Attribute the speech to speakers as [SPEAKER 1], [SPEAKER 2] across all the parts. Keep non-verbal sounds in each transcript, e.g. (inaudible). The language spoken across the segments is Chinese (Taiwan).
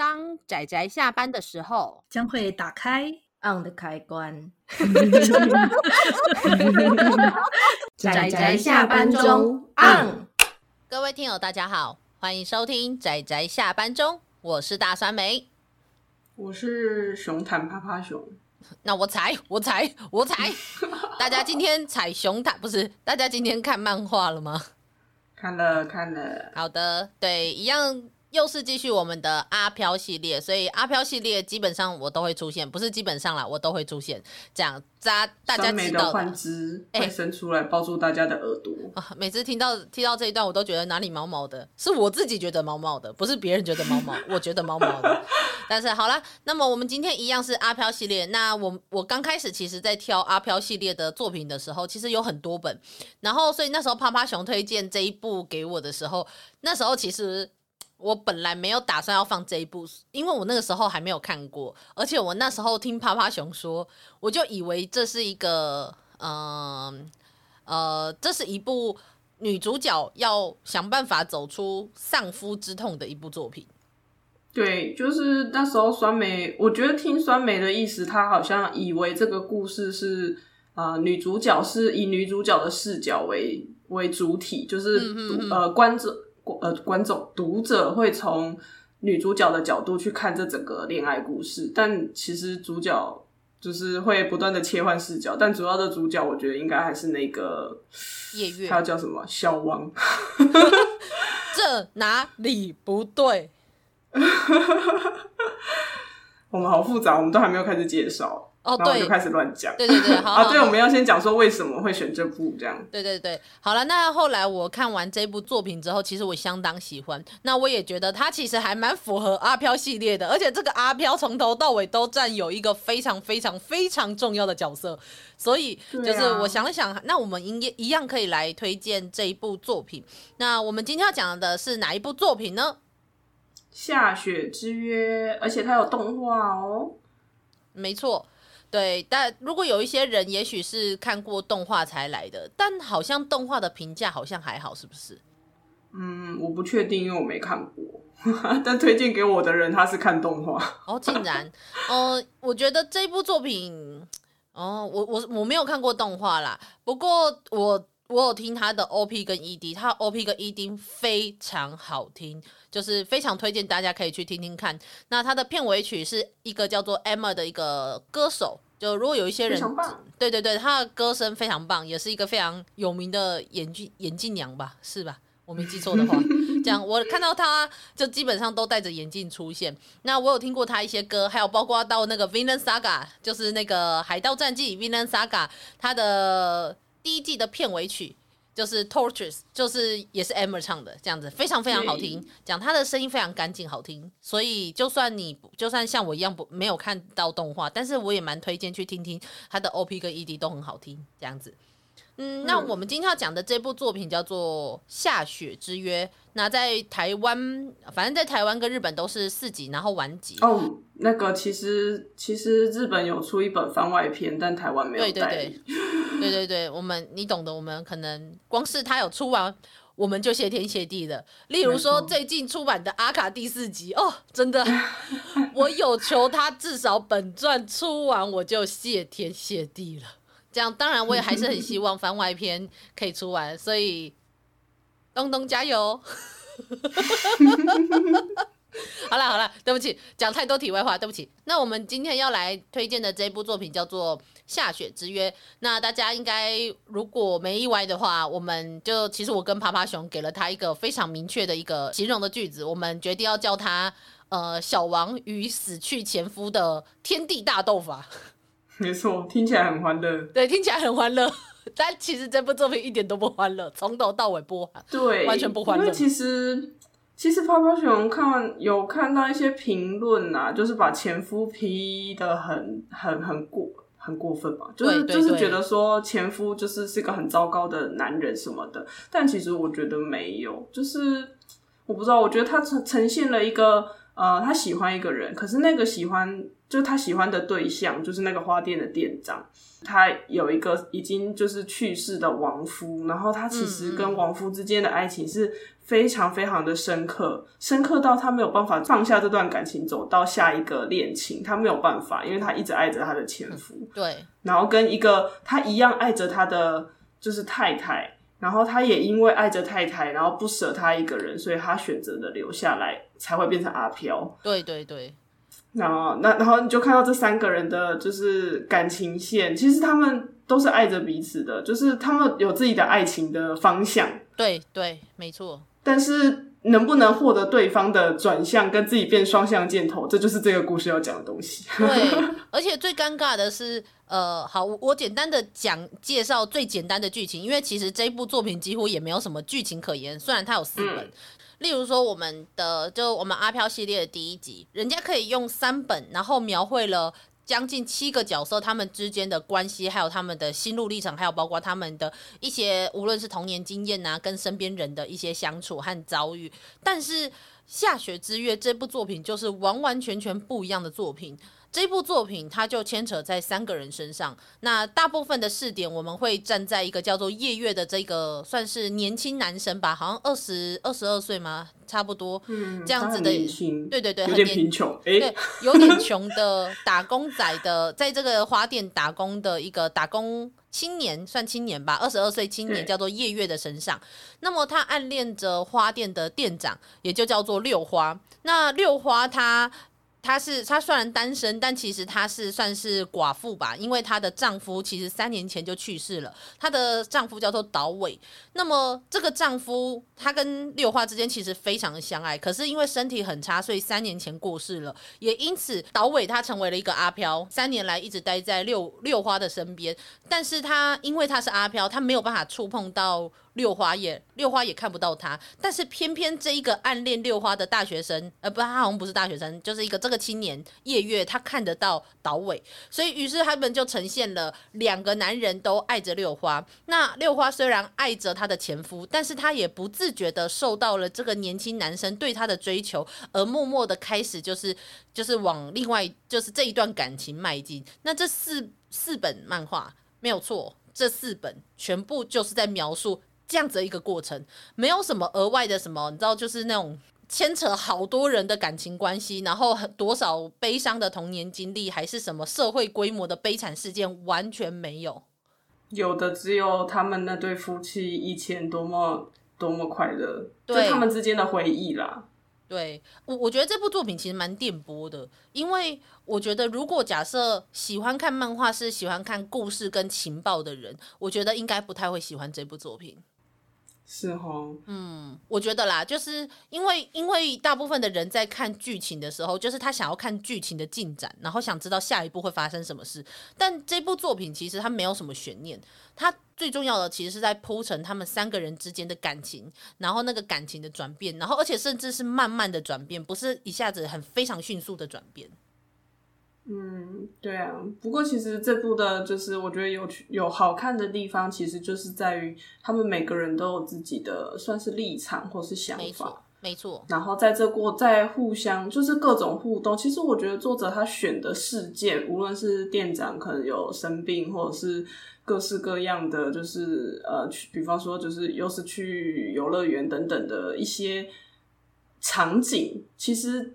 [SPEAKER 1] 當宅宅下班的時候，將會打開
[SPEAKER 2] on、嗯、的開關。
[SPEAKER 1] 宅 (laughs) 宅 (laughs) (laughs) 下班中 on、嗯。各位聽友，大家好，歡迎收聽宅宅下班中，我是大酸梅，我是熊坦啪，啪啪熊。那我踩，我踩，我踩。 (laughs) 大家今天踩熊坦不是？大家今天看漫畫了嗎？看了看了。好的，對，一樣。又是繼續我們的阿飄系列，所以阿飄系列基本上我都會出現，不是基本上啦，我都會出現。這樣，扎大家知道的的
[SPEAKER 2] 換得，哎，伸出來抱住大家的耳朵。
[SPEAKER 1] 欸，啊，每次聽到聽到這一段，我都覺得哪裡毛毛的，是我自己覺得毛毛的，不是別人覺得毛毛， (laughs) 我覺得毛毛的。但是好啦。那麼我們今天一樣是阿飄系列。那我我剛開始其實在挑阿飄系列的作品的時候，其實有很多本，然後所以那時候趴趴熊推薦這一部給我的時候，那時候其實。我本來沒有打算要放這一部，因為我那個時候還沒有看過，而且我那時候聽啪啪熊說，我就以為這是一個，嗯、呃，呃，這是一部女主角要想辦法走出喪夫之痛的一部作品。
[SPEAKER 2] 對，就是那時候酸梅，我覺得聽酸梅的意思，她好像以為這個故事是啊、呃，女主角是以女主角的視角為為主體，就是、嗯、哼哼呃，觀者。呃，觀眾、讀者會從女主角的角度去看這整個戀愛故事，但其實主角就是會不斷的切換視角。但主要的主角，我覺得應該還是那個
[SPEAKER 1] 葉月，他
[SPEAKER 2] 叫什麼？小王？
[SPEAKER 1] (laughs) (laughs) 這哪裡不對？
[SPEAKER 2] (laughs) 我們好複雜，我們都還沒有開始介紹。哦，對，就開始亂講。對對對，好啊，對、 (laughs) 哦，所以我們要先講說為什麼會選這部這樣。
[SPEAKER 1] 對對對，好了，那後來我看完這部作品之後，其實我相當喜歡。那我也覺得它其實還蠻符合阿飄系列的，而且這個阿飄從頭到尾都占有一個非常非常非常重要的角色。所以就是我想了想，啊、那我們應該一樣可以來推薦這一部作品。那我們今天要講的是哪一部作品呢？夏雪之約，而且它有動畫哦。沒錯。對，但如果有一些人，也許是看過動畫才來的，但好像動畫的評價好像還好，是不是？
[SPEAKER 2] 嗯，我
[SPEAKER 1] 不確定，因為我沒看過。
[SPEAKER 2] (laughs) 但推薦給我的人，他是看動畫。
[SPEAKER 1] 哦，竟然， (laughs) 呃，我覺得這部作品，哦、呃，我我我沒有看過動畫啦，不過我。我有聽他的 OP 跟 ED，他 OP 跟 ED 非常好聽，就是非常推薦大家可以去聽聽看。那他的片尾曲是一個叫做 Emma 的一個歌手，就如果有一些人，對對對，他的歌聲非常棒，也是一個非常有名的眼鏡眼鏡娘吧，是吧？我沒記錯的話， (laughs) 這樣我看到他就基本上都戴着眼鏡出現。那我有聽過他一些歌，還有包括到那個 Vinland Saga，就是那個海盜戰記 Vinland Saga，他的。第一季的片尾曲就是《Tortures》，就是也是 Emma 唱的，這樣子非常非常好聽。講她的聲音非常乾淨好聽，所以就算你就算像我一樣不沒有看到動畫，但是我也蠻推薦去聽聽她的 OP 跟 ED 都很好聽，這樣子。嗯，那我們今天要講的這部作品叫做《夏雪之約》。那在台灣，反正在台灣跟日本都是四集，然後完結。哦，
[SPEAKER 2] 那個其實其實日本有出一本番外篇，但台灣沒有。對
[SPEAKER 1] 對對，對對對，我們你懂得，我們可能光是他有出完，我們就謝天謝地了。例如說最近出版的《阿卡》第四集，哦，真的，我有求他，至少本傳出完，我就謝天謝地了。這樣，當然我也還是很希望番外篇可以出完， (laughs) 所以東東加油！ (laughs) 好了好了，對不起，講太多題外話，對不起。那我們今天要來推薦的這部作品叫做《夏雪之約》。那大家應該如果沒意外的話，我們就其實我跟爬爬熊給了他一個非常明確的一個形容的句子，我們決定要叫他呃，小王與死去前夫的天地大鬥法，啊。
[SPEAKER 2] 沒錯，聽起來很歡樂、
[SPEAKER 1] 嗯。對，聽起來很歡樂，但其實這部作品一點都不歡樂，從頭到尾不歡，對，完全不歡樂。因為其
[SPEAKER 2] 實其實泡泡熊看完有看到一些評論啊，就是把前夫批得很很很過很過分嘛，就是，對對對，就是覺得說前夫就是是一個很糟糕的男人什麼的。但其實我覺得沒有，就是我不知道，我覺得他呈呈現了一個呃，他喜歡一個人，可是那個喜歡。就他喜歡的對象就是那個花店的店長，他有一個已經就是去世的亡夫，然後他其實跟亡夫之間的愛情是非常非常的深刻，嗯、深刻到他沒有辦法放下這段感情，走到下一個戀情，他沒有辦法，因為他一直愛着他的前夫、嗯，對，然後跟一個他一樣愛着他的就是太太，然後他也因為愛着太太，然後不捨他一個人，所以他選擇了留下來，才會變成阿飄，
[SPEAKER 1] 對對對。
[SPEAKER 2] 然後，那然後你就看到這三個人的就是感情線，其實他們都是愛着彼此的，就是他們有自己的愛情的方向。
[SPEAKER 1] 對對，沒錯。
[SPEAKER 2] 但是能不能獲得對方的轉向，跟自己變雙向箭頭，這就是這個故事要講的東西。
[SPEAKER 1] 對， (laughs) 而且最尷尬的是，呃，好，我我簡單的講介紹最簡單的劇情，因為其實這部作品幾乎也沒有什麼劇情可言，雖然它有四本。嗯例如說，我們的就我們阿飄系列的第一集，人家可以用三本，然後描繪了將近七個角色他們之間的關係，還有他們的心路歷程，還有包括他們的一些無論是童年經驗啊，跟身邊人的一些相處和遭遇。但是《夏雪之月》這部作品就是完完全全不一樣的作品。這部作品它就牽扯在三個人身上。那大部分的視點，我們會站在一個叫做葉月的這個算是年輕男生吧，好像二十二十二歲嗎？差不多，嗯，這樣子的，很對對對，有點貧窮、欸，對，有點窮的打工仔的， (laughs) 在這個花店打工的一個打工青年，算青年吧，二十二歲青年叫做葉月的身上。那麼他暗戀着花店的店長，也就叫做六花。那六花他。她是，她雖然單身，但其實她是算是寡婦吧？因為她的丈夫其實三年前就去世了。她的丈夫叫做島尾，那麼這個丈夫他跟六花之間其實非常的相愛，可是因為身體很差，所以三年前過世了。也因此，島尾他成為了一個阿飄，三年來一直待在六六花的身邊，但是他因為他是阿飄，他沒有辦法觸碰到。六花也六花也看不到他，但是偏偏這一個暗戀六花的大學生，呃不，不是他好像不是大學生，就是一個這個青年葉月，他看得到島尾，所以於是他們就呈現了兩個男人都愛着六花。那六花雖然愛着她的前夫，但是他也不自覺地受到了這個年輕男生對他的追求，而默默地開始就是就是往另外就是這一段感情邁進。那這四四本漫畫沒有錯，這四本全部就是在描述。這樣子的一個過程，沒有什麼額外的什麼，你知道，就是那種牽扯好多人的感情關係，然後多少悲傷的童年經歷，還是什麼社會規模的悲慘事件，完全沒有。
[SPEAKER 2] 有的只有他們那對夫妻以前多麼多麼快樂，就是、他們之間的回憶啦。
[SPEAKER 1] 對，我我覺得這部作品其實蠻電波的，因為我覺得如果假設喜歡看漫畫是喜歡看故事跟情報的人，我覺得應該不太會喜歡這部作品。是吼，嗯，我覺得啦，就是因為因為大部分的人在看劇情的時候，就是他想要看劇情的進展，然後想知道下一步會發生什麼事。但這部作品其實他沒有什麼懸念，他最重要的其實是在鋪陳他們三個人之間的感情，然後那個感情的轉變，然後而且甚至是慢慢的轉變，不是一下子很非常迅速的轉變。
[SPEAKER 2] 嗯，對啊，不過其實這部的就是，我覺得有有好看的地方，其實就是在於他們每個人都有自己的算是立場或是想法，沒錯，沒錯。然後在這過在互相就是各種互動，其實我覺得作者他選的事件，無論是店長可能有生病，或者是各式各樣的，就是呃，比方說就是又是去遊樂園等等的一些場景，其實。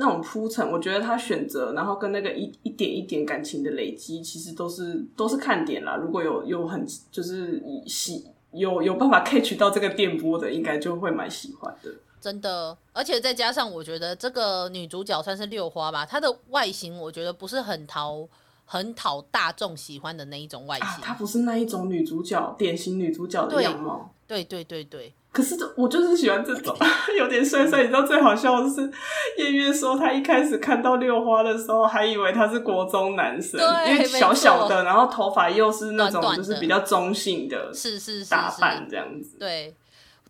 [SPEAKER 2] 那種鋪陳，我覺得他選擇，然後跟那個一一點一點感情的累積，其實都是都是看點啦。如果有有很就是喜有有辦法 catch 到這個電波的，應該就會蠻喜歡的。
[SPEAKER 1] 真的，而且再加上我覺得這個女主角算是六花吧，她的外形我覺得不是很討。很討大眾喜歡的那一種外形、啊，他
[SPEAKER 2] 不是那一種女主角典型女主角的樣貌
[SPEAKER 1] 對、啊，對對對對。可是
[SPEAKER 2] 我就是喜歡這種 (laughs) 有點帥帥。你知道最好笑的是，葉月說他一開始看到六花的時候，還以為他是國中男生，對因為小小的，然後頭髮又是那種就是比較中性的，是是打扮這樣子。
[SPEAKER 1] 對，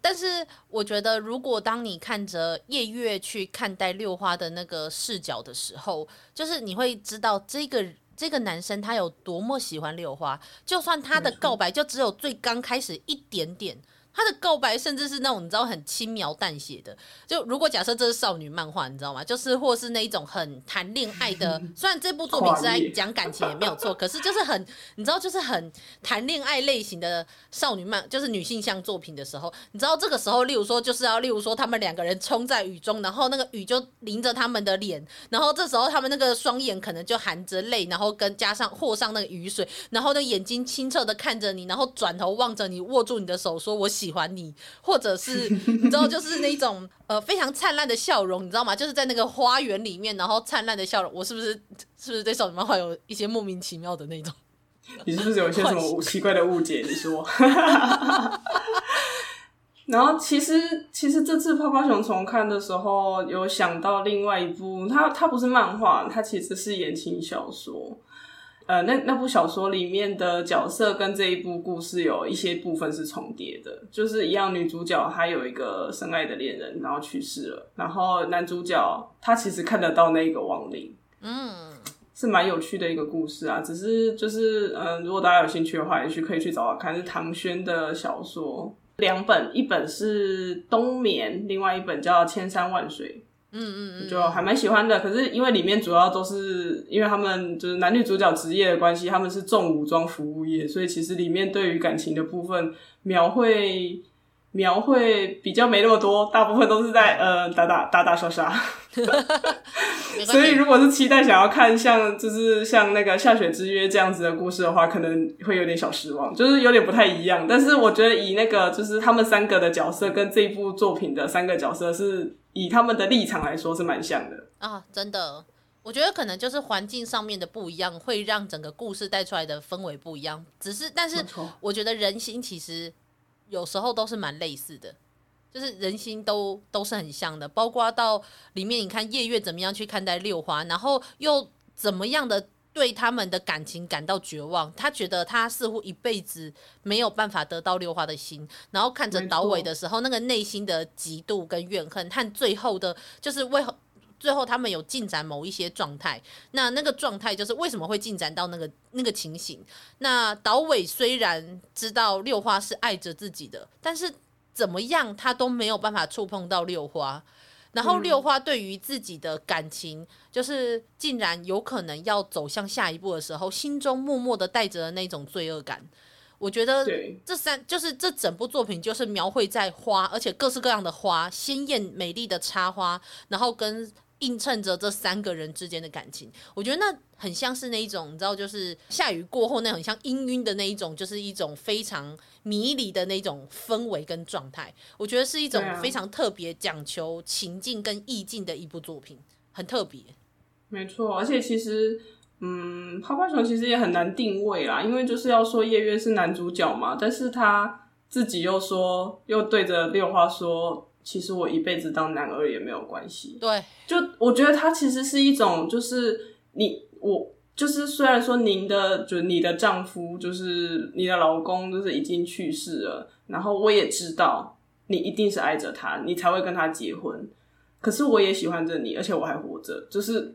[SPEAKER 1] 短短是是是是是對但是我覺得，如果當你看着葉月去看待六花的那個視角的時候，就是你會知道這個。這個男生他有多麼喜歡六花，就算他的告白就只有最剛開始一點點。他的告白甚至是那種你知道很輕描淡寫的，就如果假設這是少女漫畫，你知道嗎？就是或是那一種很談戀愛的。雖然這部作品是在講感情也沒有錯，可是就是很你知道就是很談戀愛類型的少女漫，就是女性向作品的時候，你知道這個時候，例如說就是要例如說他們兩個人衝在雨中，然後那個雨就淋着他們的臉，然後這時候他們那個雙眼可能就含着淚，然後跟加上或上那個雨水，然後那眼睛清澈的看着你，然後轉頭望着你，握住你的手，說我喜。喜歡你，或者是你知道，就是那種呃非常燦爛的笑容，你知道嗎？就是在那個花園裡面，然後燦爛的笑容，我是不是是不是對少女漫畫有一些莫名其妙的那種
[SPEAKER 2] (laughs) 你是不是有一些什麼奇怪的誤解？你說
[SPEAKER 1] (laughs) (laughs) (laughs) 然後，
[SPEAKER 2] 其實其實這次泡泡熊重看的時候，有想到另外一部，它它不是漫畫，它其實是言情小說。呃，那那部小說裡面的角色跟這一部故事有一些部分是重疊的，就是一樣，女主角她有一個深愛的戀人，然後去世了，然後男主角他其實看得到那個亡靈，嗯，是蠻有趣的一個故事啊。只是就是，嗯、呃，如果大家有興趣的話，也許可以去找找看，是唐軒的小說兩本，一本是《冬眠》，另外一本叫《千山萬水》。嗯嗯嗯，就還蠻喜歡的。可是因為裡面主要都是因為他們就是男女主角職業的關係，他們是重武裝服務業，所以其實裡面對於感情的部分描繪描繪比較沒那麼多，大部分都是在呃打打打打殺殺。 (laughs) (laughs) 所以如果是期待想要看像就是像那個夏雪之約這樣子的故事的話，可能會有點小失望，就是有點不太一樣。但是我覺得以那個就是他們三個的角色跟這一部作品的三個角色是。以他們的立場來說是蠻像的
[SPEAKER 1] 啊，真的，我覺得可能就是環境上面的不一樣，會讓整個故事帶出來的氛圍不一樣。只是，但是我覺得人心其實有時候都是蠻類似的，就是人心都都是很像的。包括到裡面，你看葉月怎麼樣去看待六花，然後又怎麼樣的。對他們的感情感到絕望，他覺得他似乎一輩子沒有辦法得到六花的心，然後看着島尾的時候，那個內心的嫉妒跟怨恨，和最後的，就是為何最後他們有進展某一些狀態，那那個狀態就是為什麼會進展到那個那個情形？那島尾雖然知道六花是愛着自己的，但是怎麼樣他都沒有辦法觸碰到六花。然後六花對於自己的感情，嗯，就是竟然有可能要走向下一步的時候，心中默默的帶着的那種罪惡感。我覺得這三就是這整部作品就是描繪在花，而且各式各樣的花，鮮豔美麗的插花，然後跟。映襯着這三個人之間的感情，我覺得那很像是那一種，你知道，就是下雨過後那很像氤氲的那一種，就是一種非常迷離的那種氛圍跟狀態。我覺得是一種非常特別講求情境跟意境的一部作品，很特別。沒錯，而且其
[SPEAKER 2] 實，嗯，泡泡熊其實也很難定位啦，因為就是要說葉月是男主角嘛，但是他自己又說，又對着六花說。其實我一輩子當男二也沒有關係。對，就我覺得他其實是一種，就是你我就是雖然說您的就是你的丈夫就是你的老公就是已經去世了，然後我也知道你一定是愛着他，你才會跟他結婚。可是我也喜歡着你，而且我還活着，就是。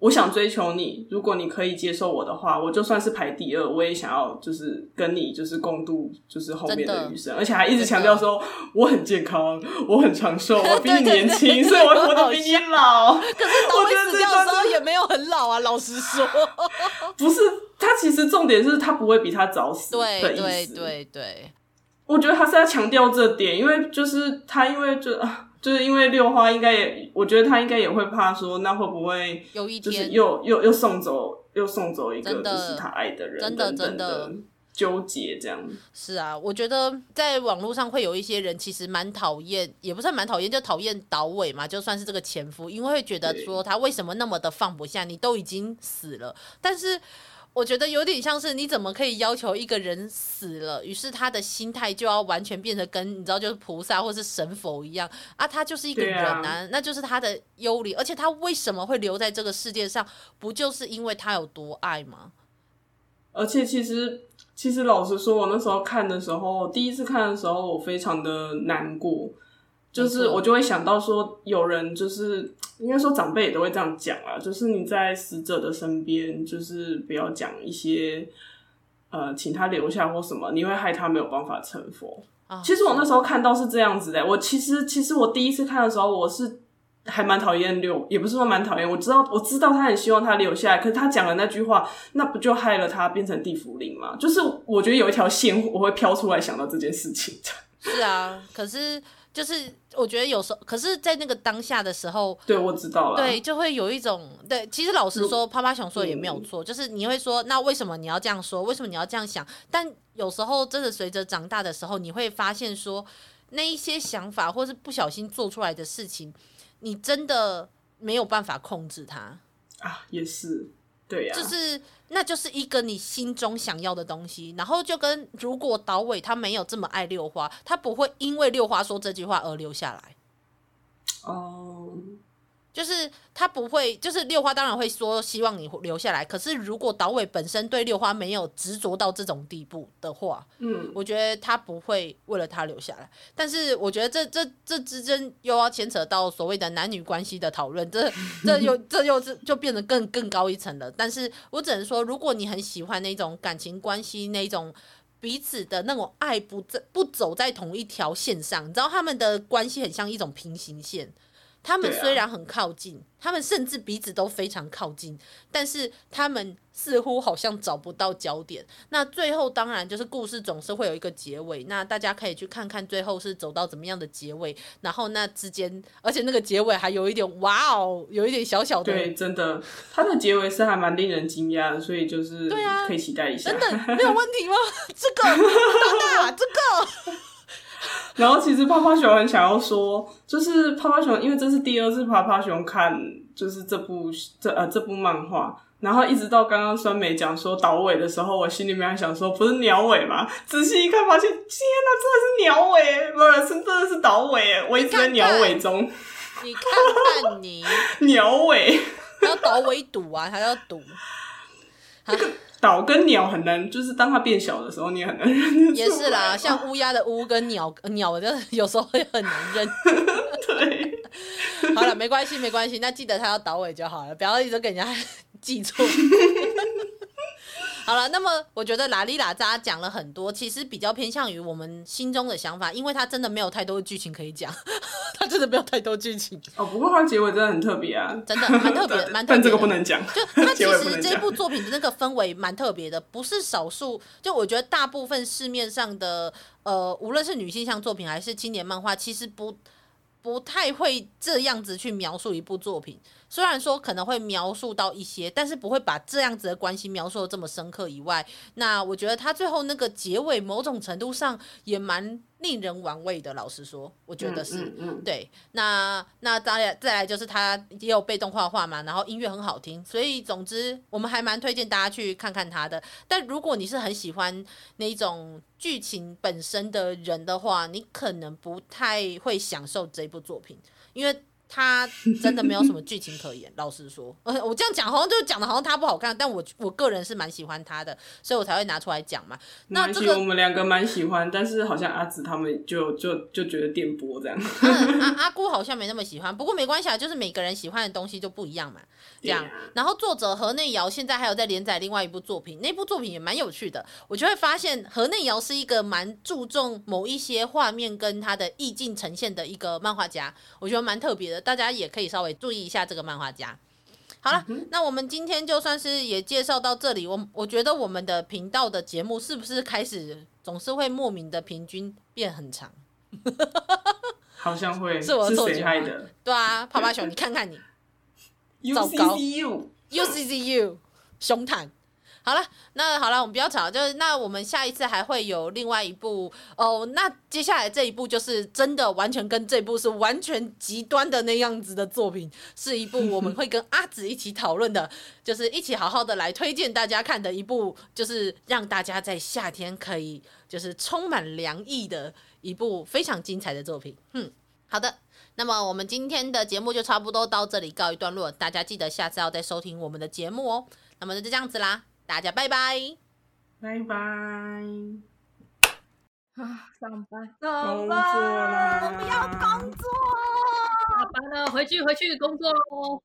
[SPEAKER 2] 我想追求你，如果你可以接受我的話，我就算是排第二，我也想要就是跟你就是共度就是後面的餘生，而且還一直強調說我很健康，我很長壽，我比你年輕，所以我活得 (laughs) 比你老。
[SPEAKER 1] 我覺得這樣子也
[SPEAKER 2] 沒有很老啊，
[SPEAKER 1] 老實說，
[SPEAKER 2] (laughs) 不是他其實重點是他不會比他早死的意思。對對
[SPEAKER 1] 對對，
[SPEAKER 2] 我覺得他是要強調這點，因為就是他因為就。就是因為六花應該也，我覺得他應該也會怕說，那會不會就
[SPEAKER 1] 是又有一天又
[SPEAKER 2] 又，又送走又送走一個就是他愛的人，真的真，的，真的，的糾結這樣子。
[SPEAKER 1] 是啊，我覺得在網絡上會有一些人其實蠻討厭，也不是蠻討厭，就討厭導尾嘛。就算是這個前夫，因為會覺得說他為什麼那麼的放不下，你都已經死了，但是。我覺得有點像是，你怎麼可以要求一個人死了，於是他的心態就要完全變得跟你知道就是菩薩或是神佛一樣啊？他就是一個人啊，啊，那就是他的幽靈。而且他為什麼會留在這個世界上？不就是因為他有多愛嗎？而且其實，
[SPEAKER 2] 其實老實說，我那時候看的時候，第一次看的時候，我非常的難過。就是我就會想到說，有人就是應該說長輩也都會這樣講啊，就是你在死者的身邊，就是不要講一些呃，請他留下或什麼，你會害他沒有辦法成佛。哦、其實我那時候看到是這樣子的、欸哦，我其實其實我第一次看的時候，我是還蠻討厭六，也不是說蠻討厭，我知道我知道他很希望他留下來，可是他講了那句話，那不就害了他變成地縛靈嗎？就是我覺得有一條線我會飄出來想到這件事情的。是
[SPEAKER 1] 啊，可是。就是我覺得有時候，可是，在那個當下的時候，對，我知道了，對，就會有一種對。其實，老實說，啪啪熊說也沒有錯、嗯，就是你會說，那為什麼你要這樣說？為什麼你要這樣想？但有時候，真的隨着長大的時候，你會發現說，那一些想法，或是不小心做出來的事情，你真的沒有辦法控制它啊，也是。對啊、就是，那就是一個你心中想要的東西。然後就跟，如果島尾他沒有這麼愛六花，他不會因為六花說這句話而留下來。哦、uh...。就是他不會，就是六花當然會說希望你留下來。可是如果島尾本身對六花沒有執着到這種地步的話，嗯，我覺得他不會為了他留下來。但是我覺得這這這之間又要牽扯到所謂的男女關係的討論，這這又 (laughs) 這又是就變得更更高一層了。但是我只能說，如果你很喜歡那種感情關係，那種彼此的那種愛不不走在同一條線上，你知道他們的關係很像一種平行線。他們雖然很靠近，對啊，他們甚至彼此都非常靠近，但是他們似乎好像找不到焦點。那最後當然就是故事總是會有一個結尾，那大家可以去看看最後是走到怎麼樣的結尾，然後那之間，而且那個結尾還有一點哇哦，有一點小小的對，真
[SPEAKER 2] 的，他的結尾是還蠻令人驚訝的，所以就是對啊，可以期待一下，對啊，真的，沒有問
[SPEAKER 1] 題嗎？這個老大這個。打打這個
[SPEAKER 2] (laughs) 然後其實泡泡熊很想要說，就是泡泡熊，因為這是第二次泡泡熊看，就是這部這呃這部漫畫。然後一直到剛剛酸梅講說島尾的時候，我心裡面還想說，不是鳥尾嘛？仔細一看，發現天哪，真的是鳥尾，不是真的是島尾，我一直在鳥尾中。
[SPEAKER 1] 你看看 (laughs) 你，看看你
[SPEAKER 2] (laughs) 鳥尾， (laughs) 要
[SPEAKER 1] 島尾堵啊，他要堵。 (laughs)
[SPEAKER 2] 島跟鳥很難，就是當它變小的時候，你也很難認。
[SPEAKER 1] 也是啦，像烏鴉的烏跟鳥鳥，就有時候會很難認。 (laughs) 對， (laughs) 好了，沒關係，沒關係，那記得它要倒尾就好了，不要一直給人家 (laughs) 記錯住。 (laughs) 好了，那麼我覺得拉里拉扎講了很多，其實比較偏向於我們心中的想法，因為他真的沒有太多的劇情可以講，
[SPEAKER 2] 他真的沒有太多劇情，呵呵多劇情哦。不過他結尾真的很特別啊， (laughs) 真的很特別，蠻特別，但這個不能講。就他其實這部
[SPEAKER 1] 作品的那個氛圍蠻特別的，不是少數。就我覺得大部分市面上的呃，無論是女性向作品還是青年漫畫，其實不不太會這樣子去描述一部作品。雖然說可能會描述到一些，但是不會把這樣子的關係描述得這麼深刻以外，那我覺得他最後那個結尾某種程度上也蠻令人玩味的。老實說，我覺得是、嗯嗯嗯、對。那那當然再來就是他也有被動畫化嘛，然後音樂很好聽，所以總之我們還蠻推薦大家去看看他的。但如果你是很喜歡那種劇情本身的人的話，你可能不太會享受這部作品，因為，他真的沒有什麼劇情可言， (laughs) 老實說，欸、我這樣講好像就講的好像他不好看，但我我個人是蠻喜歡他的，所以我才會拿出來講嘛。
[SPEAKER 2] 那這個我們兩個蠻喜歡，但是好像阿紫他們就就就覺得電波這樣。
[SPEAKER 1] 阿、嗯啊、阿姑好像沒那麼喜歡，不過沒關係啊，就是每個人喜歡的東西就不一樣嘛。這樣，啊、然後作者河內遙現在還有在連載另外一部作品，那部作品也蠻有趣的。我就會發現河內遙是一個蠻注重某一些畫面跟他的意境呈現的一個漫畫家，我覺得蠻特別的。大家也可以稍微注意一下這個漫畫家。好了、嗯，那我們今天就算是也介紹到這裡。我我覺得我們的頻道的節目是不是開始總是會莫名的平均變很長？
[SPEAKER 2] (laughs) 好像會是我錯覺的。
[SPEAKER 1] 對啊，泡泡熊，你看看你，UCCU、糟糕，UCCU，熊坦。好了，那好了，我們不要吵。就是那我們下一次還會有另外一部哦。那接下來這一部就是真的完全跟這部是完全極端的那樣子的作品，是一部我們會跟阿紫一起討論的， (laughs) 就是一起好好的來推薦大家看的一部，就是讓大家在夏天可以就是充滿涼意的一部非常精彩的作品。嗯，好的。那麼我們今天的節目就差不多到這裡告一段落，大家記得下次要再收聽我們的節目哦。那麼就這樣子啦。大家拜拜，拜拜！啊，上班，上班，我們要
[SPEAKER 2] 工作，下班了，回去，回去工作哦。